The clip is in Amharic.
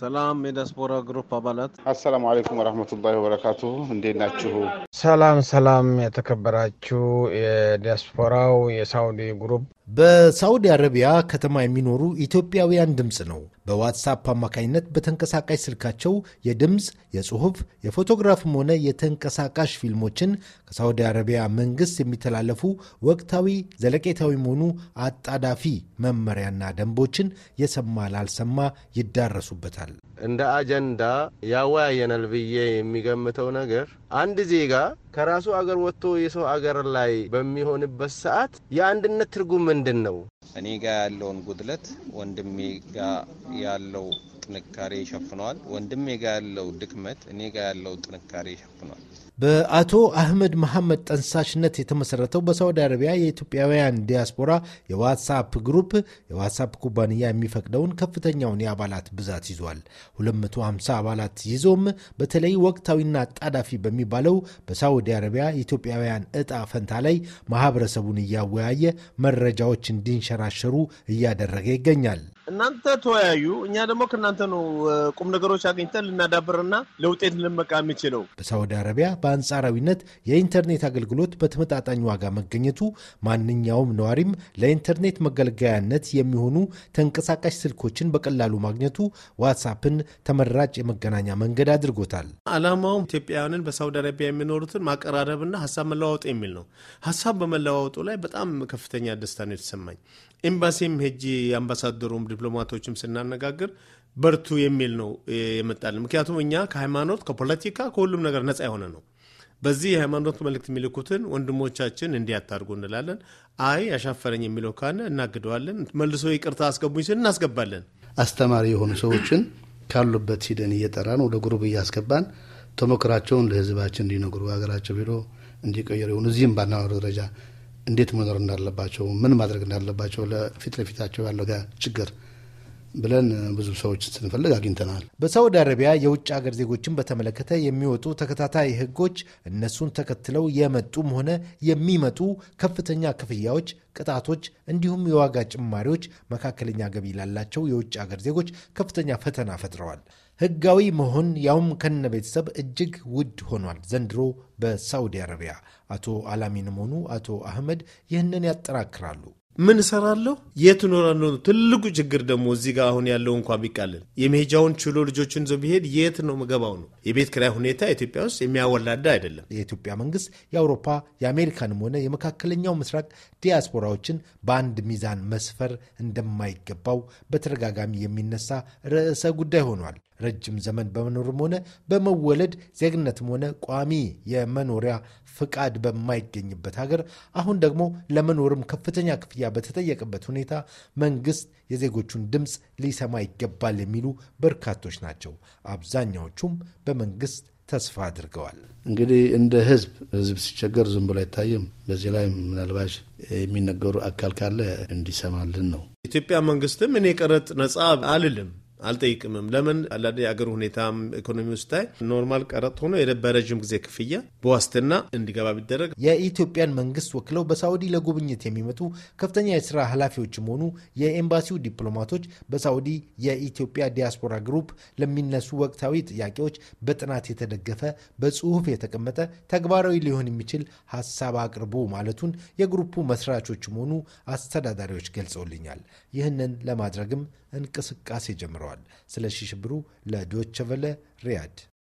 ሰላም የዲያስፖራ ግሩፕ አባላት አሰላሙ አሌይኩም ወረህመቱላሂ ወበረካቱ እንዴት ናችሁ? ሰላም ሰላም የተከበራችሁ የዲያስፖራው የሳውዲ ግሩፕ በሳዑዲ አረቢያ ከተማ የሚኖሩ ኢትዮጵያውያን ድምፅ ነው። በዋትሳፕ አማካኝነት በተንቀሳቃሽ ስልካቸው የድምፅ፣ የጽሑፍ፣ የፎቶግራፍም ሆነ የተንቀሳቃሽ ፊልሞችን ከሳዑዲ አረቢያ መንግስት የሚተላለፉ ወቅታዊ፣ ዘለቄታዊ መሆኑ አጣዳፊ መመሪያና ደንቦችን የሰማ ላልሰማ ይዳረሱበታል። እንደ አጀንዳ ያወያየናል ብዬ የሚገምተው ነገር አንድ ዜጋ ከራሱ አገር ወጥቶ የሰው አገር ላይ በሚሆንበት ሰዓት የአንድነት ትርጉም ምንድን ነው? እኔ ጋ ያለውን ጉድለት ወንድሜ ጋ ያለው ጥንካሬ ይሸፍነዋል። ወንድሜ ጋ ያለው ድክመት እኔ ጋ ያለው ጥንካሬ ይሸፍነዋል። በአቶ አህመድ መሐመድ ጠንሳሽነት የተመሰረተው በሳውዲ አረቢያ የኢትዮጵያውያን ዲያስፖራ የዋትሳፕ ግሩፕ የዋትሳፕ ኩባንያ የሚፈቅደውን ከፍተኛውን የአባላት ብዛት ይዟል። 250 አባላት ይዞም በተለይ ወቅታዊና አጣዳፊ በሚባለው በሳውዲ አረቢያ ኢትዮጵያውያን እጣ ፈንታ ላይ ማህበረሰቡን እያወያየ መረጃዎች እንዲንሸራሸሩ እያደረገ ይገኛል። እናንተ ተወያዩ፣ እኛ ደግሞ ከእናንተ እናንተ ነው ቁም ነገሮች አግኝተን ልናዳብርና ለውጤት ልንመቃ የሚችለው። በሳውዲ አረቢያ በአንጻራዊነት የኢንተርኔት አገልግሎት በተመጣጣኝ ዋጋ መገኘቱ ማንኛውም ነዋሪም ለኢንተርኔት መገልገያነት የሚሆኑ ተንቀሳቃሽ ስልኮችን በቀላሉ ማግኘቱ ዋትሳፕን ተመራጭ የመገናኛ መንገድ አድርጎታል። አላማውም ኢትዮጵያውያንን በሳውዲ አረቢያ የሚኖሩትን ማቀራረብና ሀሳብ መለዋወጥ የሚል ነው። ሀሳብ በመለዋወጡ ላይ በጣም ከፍተኛ ደስታ ነው የተሰማኝ። ኤምባሲም ሄጂ አምባሳደሩም ዲፕሎማቶችም ስናነጋግር በርቱ የሚል ነው የመጣልን። ምክንያቱም እኛ ከሃይማኖት ከፖለቲካ ከሁሉም ነገር ነጻ የሆነ ነው። በዚህ የሃይማኖት መልእክት የሚልኩትን ወንድሞቻችን እንዲያታርጉ እንላለን። አይ ያሻፈረኝ የሚለው ካለ እናግደዋለን። መልሶ ይቅርታ አስገቡኝ ስል እናስገባለን። አስተማሪ የሆኑ ሰዎችን ካሉበት ሂደን እየጠራን ወደ ጉሩብ እያስገባን ተሞክራቸውን ለህዝባችን እንዲነግሩ ሀገራቸው ቢሮ እንዲቀየሩ የሆኑ እዚህም ባናወሩ ደረጃ እንዴት መኖር እንዳለባቸው ምን ማድረግ እንዳለባቸው ለፊት ለፊታቸው ያለው ችግር ብለን ብዙ ሰዎች ስንፈልግ አግኝተናል። በሳውዲ አረቢያ የውጭ ሀገር ዜጎችን በተመለከተ የሚወጡ ተከታታይ ሕጎች እነሱን ተከትለው የመጡም ሆነ የሚመጡ ከፍተኛ ክፍያዎች፣ ቅጣቶች እንዲሁም የዋጋ ጭማሪዎች መካከለኛ ገቢ ላላቸው የውጭ ሀገር ዜጎች ከፍተኛ ፈተና ፈጥረዋል። ህጋዊ መሆን ያውም ከነ ቤተሰብ እጅግ ውድ ሆኗል ዘንድሮ በሳውዲ አረቢያ። አቶ አላሚንም ሆኑ አቶ አህመድ ይህንን ያጠናክራሉ። ምን እሰራለሁ? የት እኖራለሁ ነው ትልቁ ችግር። ደግሞ እዚህ ጋር አሁን ያለው እንኳ ቢቃልን የመሄጃውን ችሎ ልጆችን ዞ ቢሄድ የት ነው ምገባው ነው። የቤት ክራይ ሁኔታ ኢትዮጵያ ውስጥ የሚያወላዳ አይደለም። የኢትዮጵያ መንግስት የአውሮፓ የአሜሪካንም ሆነ የመካከለኛው ምስራቅ ዲያስፖራዎችን በአንድ ሚዛን መስፈር እንደማይገባው በተደጋጋሚ የሚነሳ ርዕሰ ጉዳይ ሆኗል። ረጅም ዘመን በመኖርም ሆነ በመወለድ ዜግነትም ሆነ ቋሚ የመኖሪያ ፍቃድ በማይገኝበት ሀገር አሁን ደግሞ ለመኖርም ከፍተኛ ክፍያ በተጠየቀበት ሁኔታ መንግስት የዜጎቹን ድምፅ ሊሰማ ይገባል የሚሉ በርካቶች ናቸው። አብዛኛዎቹም በመንግስት ተስፋ አድርገዋል። እንግዲህ እንደ ህዝብ ህዝብ ሲቸገር ዝም ብሎ አይታይም። በዚህ ላይ ምናልባሽ የሚነገሩ አካል ካለ እንዲሰማልን ነው። ኢትዮጵያ መንግስትም እኔ ቀረጥ ነጻ አልልም አልጠይቅምም። ለምን አንዳንድ የአገር ሁኔታም ኢኮኖሚ ስታይ ኖርማል ቀረጥ ሆኖ በረዥም ጊዜ ክፍያ በዋስትና እንዲገባ ቢደረግ። የኢትዮጵያን መንግስት ወክለው በሳዑዲ ለጉብኝት የሚመጡ ከፍተኛ የስራ ኃላፊዎችም ሆኑ የኤምባሲው ዲፕሎማቶች በሳውዲ የኢትዮጵያ ዲያስፖራ ግሩፕ ለሚነሱ ወቅታዊ ጥያቄዎች በጥናት የተደገፈ በጽሁፍ የተቀመጠ ተግባራዊ ሊሆን የሚችል ሀሳብ አቅርቡ ማለቱን የግሩፑ መስራቾችም ሆኑ አስተዳዳሪዎች ገልጸውልኛል። ይህንን ለማድረግም እንቅስቃሴ ጀምረዋል። ተናግረዋል። ስለሺ ሽብሩ ለዶቸቨለ ሪያድ